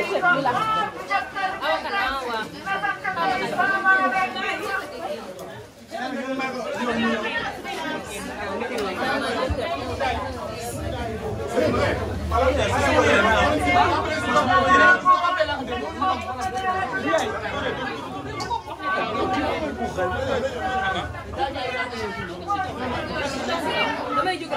damay jóg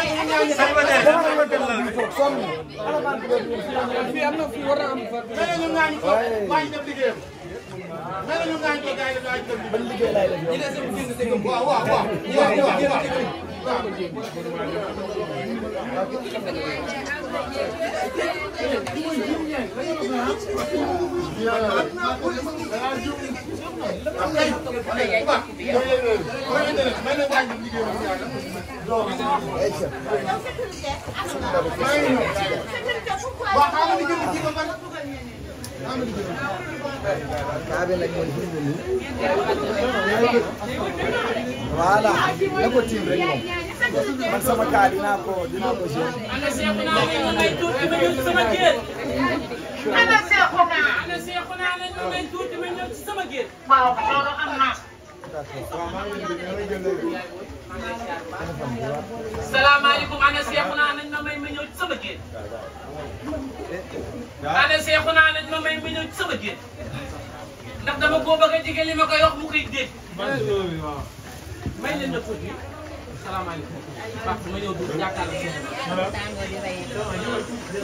waaw voilà na ko tiim rek moom man sama kaa dinaa ko dinaa ko jël. ana Seexuna. ana Seexuna ne ñu may tuuti ma ñëw ci sama géej. waaw loolu am naa. salaamaaleykum ana Seexuna nañ ma may ma ñëw ci sama géej. ana Seexuna nañ ma may ma ñëw ci sama géej. ndax dama ko bëgg a jigéen li ma koy wax mu koy dégg. may leen na tuuti. salaamaaleykum Pape su ma ñëw dugg jàkkaarloo si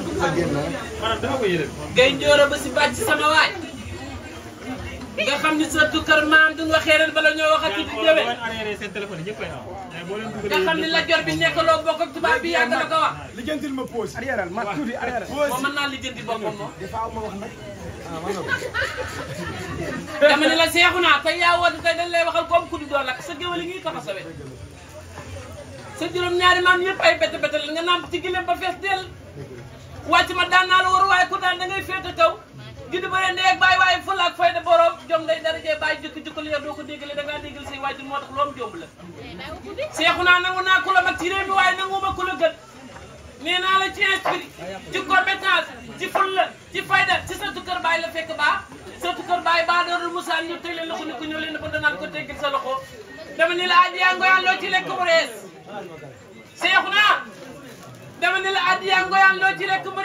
maanaam dama ko yëlëb. ngay njóora ba si bàcc sama waay. nga xam ni sa kër maam du nga xeeral bala ñoo waxati di déwén. nga xam ni la jor bi nekk loo bokk ak tubaab bi yàgg na ko wax. lijjantil ma pause. arrière ma tuuti arrière. moom mën naa lijjanti boppam moom. des fois ma wax nag. Ah, dama ne la seexu naa tey yaa woote tey dañ lay waxal comme ku di doon lakk sa géwél yi ñuy tax a sa juróom-ñaari maam ay bett bett la nga naam ci gileem ba fees dell wàcc ma daan naa la war waaye ku daan da ngay kaw gidi bëree ndeeg bàyyi waaye fulla ak fayda borom jom day darajee bàyyi jukki jukki la yow doo ko déggle da ngaa déggal say waajur moo tax loom jomb la seexu naa nangu naa ku la mag ci waaye nangu ma ku la gën nee naa la ci esprit ci compétence ci fulla ci fayda ci sëtu kër la fekk baa sëtu kër bàyyi baa doonul musaan ñu tëj leen ko ñëw leen ko danaan sa loxo dama la aji yaa hadiya ngoyaan loo ci rek mu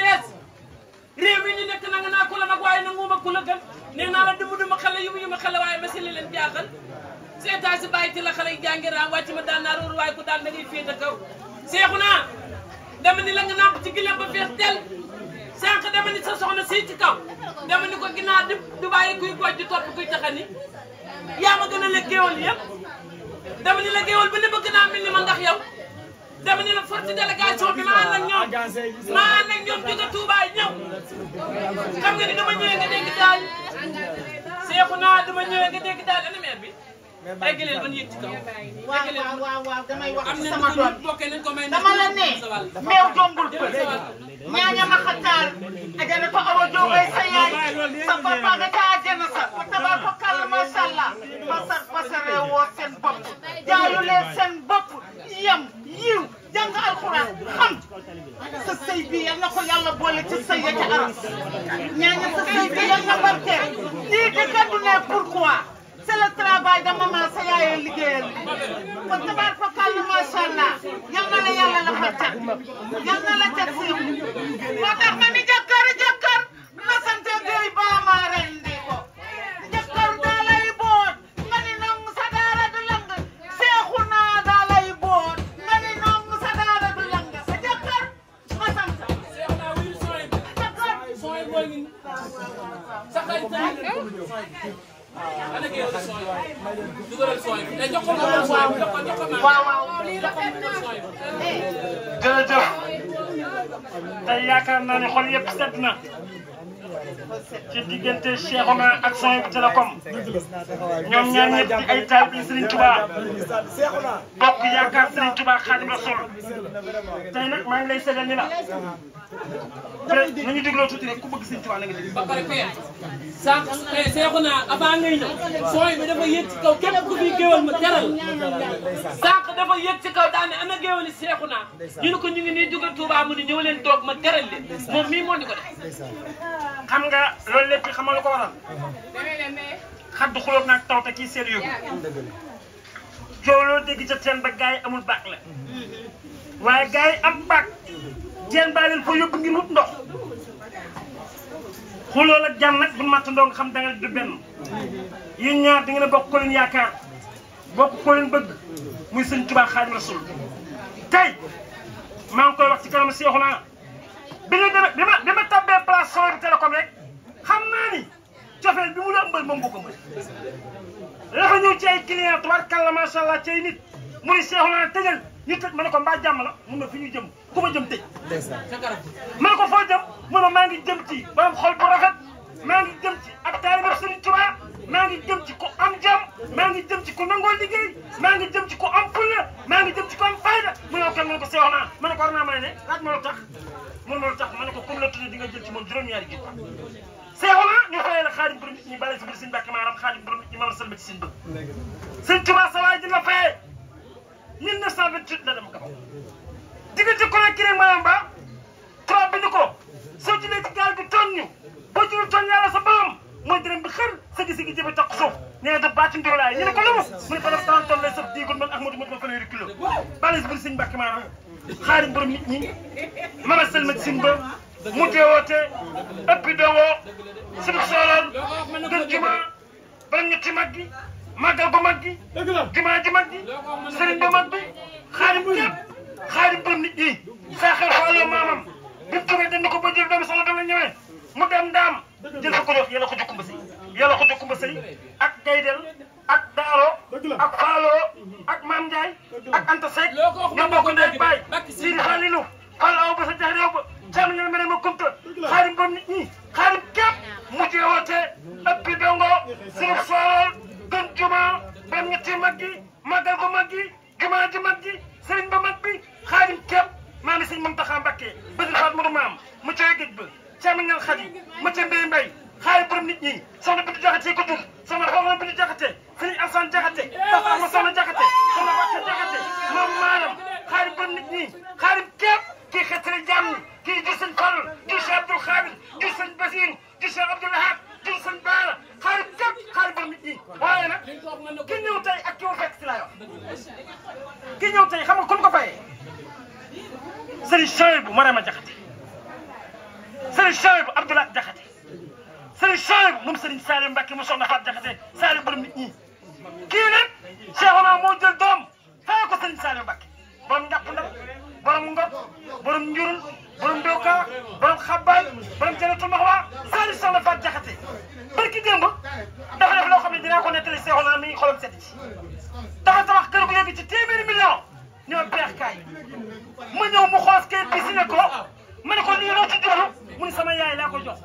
réew mi ñu nekk nanga naa ku la nag waaye nanguma ku la gën nee naa la duma duma xale yu ma xale waaye masi li leen jaaxal seetaa si bàyyi ci la xale yi jàngi raam wàcc ma daal waaye ku daal da ngay féete kaw seexu naa dama ni la nga nàmp ci gileem ba fees del sànq dama ni sa soxna si ci kaw dama ni ko ginnaaw di du bàyyi kuy goj di topp kuy taxani yaa ma gën a la géewal dama ni la ba dama ne la forte délégation bi ma ànd ak ñoom ma ànd ak ñoom jóge Touba ñëw xam nga ni dama ñëwee nga dégg daal seexu naa dama ñëwee nga dégg daal ana maire bi. eggaleel ba ñu yëg ci kaw. waaw waaw waaw damay wax ci sama doom dama la ne meew jombul pël ñaaña ma xataal ajana ko awa joobay sa yaay sa papa nga ca ajana sa fa tabaarakalla macha allah pasar pasaree woo seen bopp jaayu leen seen bopp yem. yiw jàng alxuraan xam sa sëy bi yal na ko yàlla boole ci sëy ya ca aras ñaanal sa sëy bi yal na barkeel lii di kaddu ne pourquoi c'est le travail de maman sa yaayee liggéeyal kon tabaar fa kàll macha allah yal na la yàlla la fa cat yal na la cat siiw moo tax ma waaw waaw jërëjëf te yaakaar naa ne xol yëpp set na. ci diggante Cheikhouna ak Saint Télécom ñoom ñaar ñëpp di ay taalibe Serigne Touba bokk yaakaar Serigne Touba Xaadimu Rasuul tey nag maa ngi lay ni la nañu dégloo tuuti rek ku bëgg Serigne Touba nga déglu. ba pare ko yaay sànq eh, Cheikhouna avant ngay ñëw sooy bi dafa yëg ci kaw képp ku fi géwal ko ñu ngi nii jóge Touba mu ni ñëw leen toog ma teral leen moom mii moo di ko def. xam nga loolu lépp xamal ko waral. xaddu xulóog nag taw te kii seen yóbbu. jooloo dégg ca teen ba gars yi amul baax la. waaye gars yi am baax. teen baa leen fa yóbbu ngir wut ndox. xulóol ak jàmm bu mattandoo nga xam da nga du benn. yéen ñaar da ngeen a bokk ko leen yaakaar. bokk bëgg. muy sëñ Tuubaa Xaadimu Rasuul. tey maa ngi koy wax ci bi nga bi ma bi ma tabbee place Soweru télécom rek xam naa ni cofeel bi mu la ëmbal moom bu ko mën dafa ñëw ci ay client tubaarkàlla macha allah ci ay nit mu ne seexu naa tëjal ñu tëj ko mbaa jàmm la mun na fi jëm ku ma jëm tëj ma ko foo mu ne maa ngi jëm ci borom xol bu rafet maa ngi jëm ci ak taalibe Sëriñ Tuubaa maa ngi jëm ci ku am jàmm maa ngi jëm ci ku nangoo liggéey maa ngi jëm ci ku am fulla maa ngi jëm ci ku am fayda mu ne ko ko seexu naa ma ko war a ne laaj moom loolu tax ma ne ko comme la tuddee di nga jël ci moom juróom-ñaari ji seexuna ñu xëyee la xaadim borom nit ñi bàyyi si biir suñu bàkki maaram xaadim borom nit ñi maanaam salbati sin bë sëñ Tuubaa sa waay dina fayee 1928 la dem Gabon diggante Conakry Mayumba tubaab bi ni ko soo jëlee ci gaal bi toon ñu boo jëlee toon yàlla sa borom mooy dërëm bi xër sëgi sëgi jëfe tax suuf nee daf baati ndóolaay ñu ne ko lu mu ne ko def 30 tonnes lay sëf diigul man Ahmadou Mouhamed ma fanweeri kilo bàyyi si biir suñu bàkki maaram xaari borom nit ñi mën a sëlmat sin ba mu teewoote ëppi dowoo sim soolal def juma ba ñetti mag gi màggal bu mag gi juma ji mag gi sëriñ bu mag bi xaari ñëpp xaari borom nit ñi saa xel xooloo maamam bi mu jógee dañ ko ba dam doomi soxla dama ñëwee mu dem ndaam jël fa ko jox yàlla ko jokkumba sëy yàlla ko ak gaydel Daaro ak Faaloo mhm. ak Maam Ndiaye ak Anta Seck ñoo bokk ndey baay Sidi Falilou Fall aw ba sa jax réew ba cam ñoo mene ma kumta xaarim ba nit ñi xaarim képp mujjee mhm. dongo sirif sool gën juma bam soxna Fatou Diakhaté Saliou borom nit ñi kii nag Cheikhouna moo jël doom fay ko sëriñ Saliou Mbacké borom ndàpp ndàpp borom ngop borom njurul borom doka borom xabbaay borom jëlatul maxwa Saliou soxna Fatou Diakhaté barki démb dafa def loo xam ne dinaa ko nettali Cheikhouna mi xolam set ci dafa tabax kër gu yegg ci téeméeri million ñoo beex kaay ma ñëw mu xoos kay bi si ne ko ma ne ko nii loo ci jublu mu ne sama yaay laa ko jox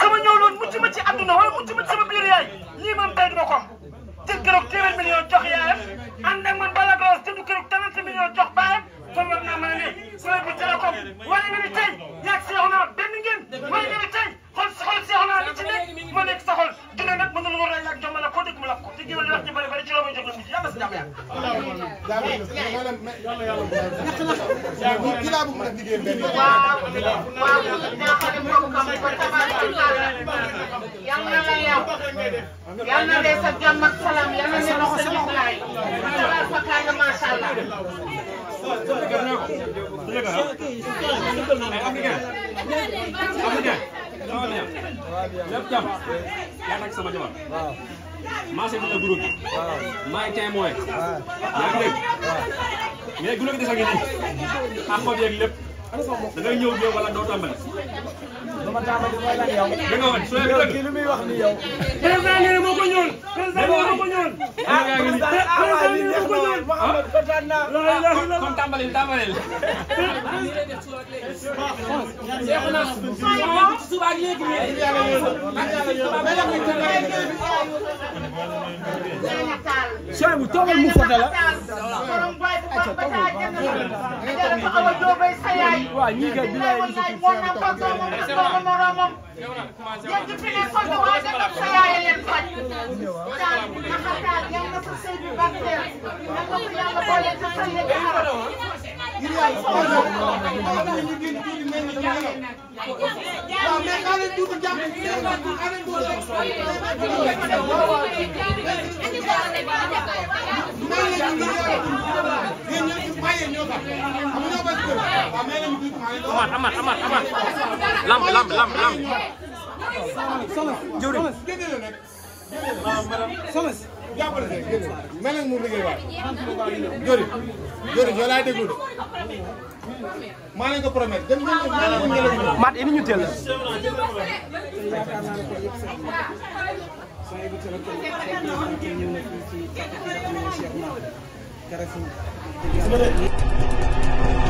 sama ñëw loon mucc ma ci àdduna wala mucc ma ci sama biir yaay lii moom tey duma ko am te keroog téeméer million jox yaayam ànd ak man bala gros te du million jox baayam kon war naa a ne sooy bu télécom waaye nga ne tey yaag seexu naa benn yaa ngi koy def maanaam yàlla yàlla bu baax. kii laa bëgg mën a liggéeyal benn yoon. waaw waaw ñoo xam ne moom xam nga yal na la yàq yal na de sa jàmm ak salaam yal na ne loxo sa noflaay. salaam fa kaay nga macha allah. lépp jàmm yaa nag sama jabar. maa seetlu na guddoog gi. waaw maay témoin. waaw yaa ngi dégg. mais guddoog gi des a ngi nii. ak xob yeeg lépp. da ngay ñëw ñëw wala doo tàmbali. dama taa bañ mooy lan yow. dëgg la su dee dëgg li muy wax ni yow. président nee na moo ko ñëwoon. président nee na moo ko ñëwoon. ah président ah waaw li neex na waay Mouhamed kontaan naa. kon kon tàmbalil tàmbalil. suba ak léegi nii. Cheikh bu toogal mu foto la. ajara fa awa jóobay sa yaay bilaay wallaay moom na fontoo moom ak sama moroomam yéen ñi fi ne font waa dëkkam sa yaay leen faj daal na xataal yal na sa sëy bi barkeel yal na ko yàlla boole sa sëy bi xaram ngir yàlla xool na ñu génn tuuti mel na dama yoroon waaw mais xaaral tuuti jàpp amat amat amat amat lamb lamb lamb lamb solos jëwriñ solos jàppale mel na mu liggéey waay jori jori yoo laay déglu de maa leen ko promet dem ngeen def maa leen ko mat ini ñu teel la Thank you.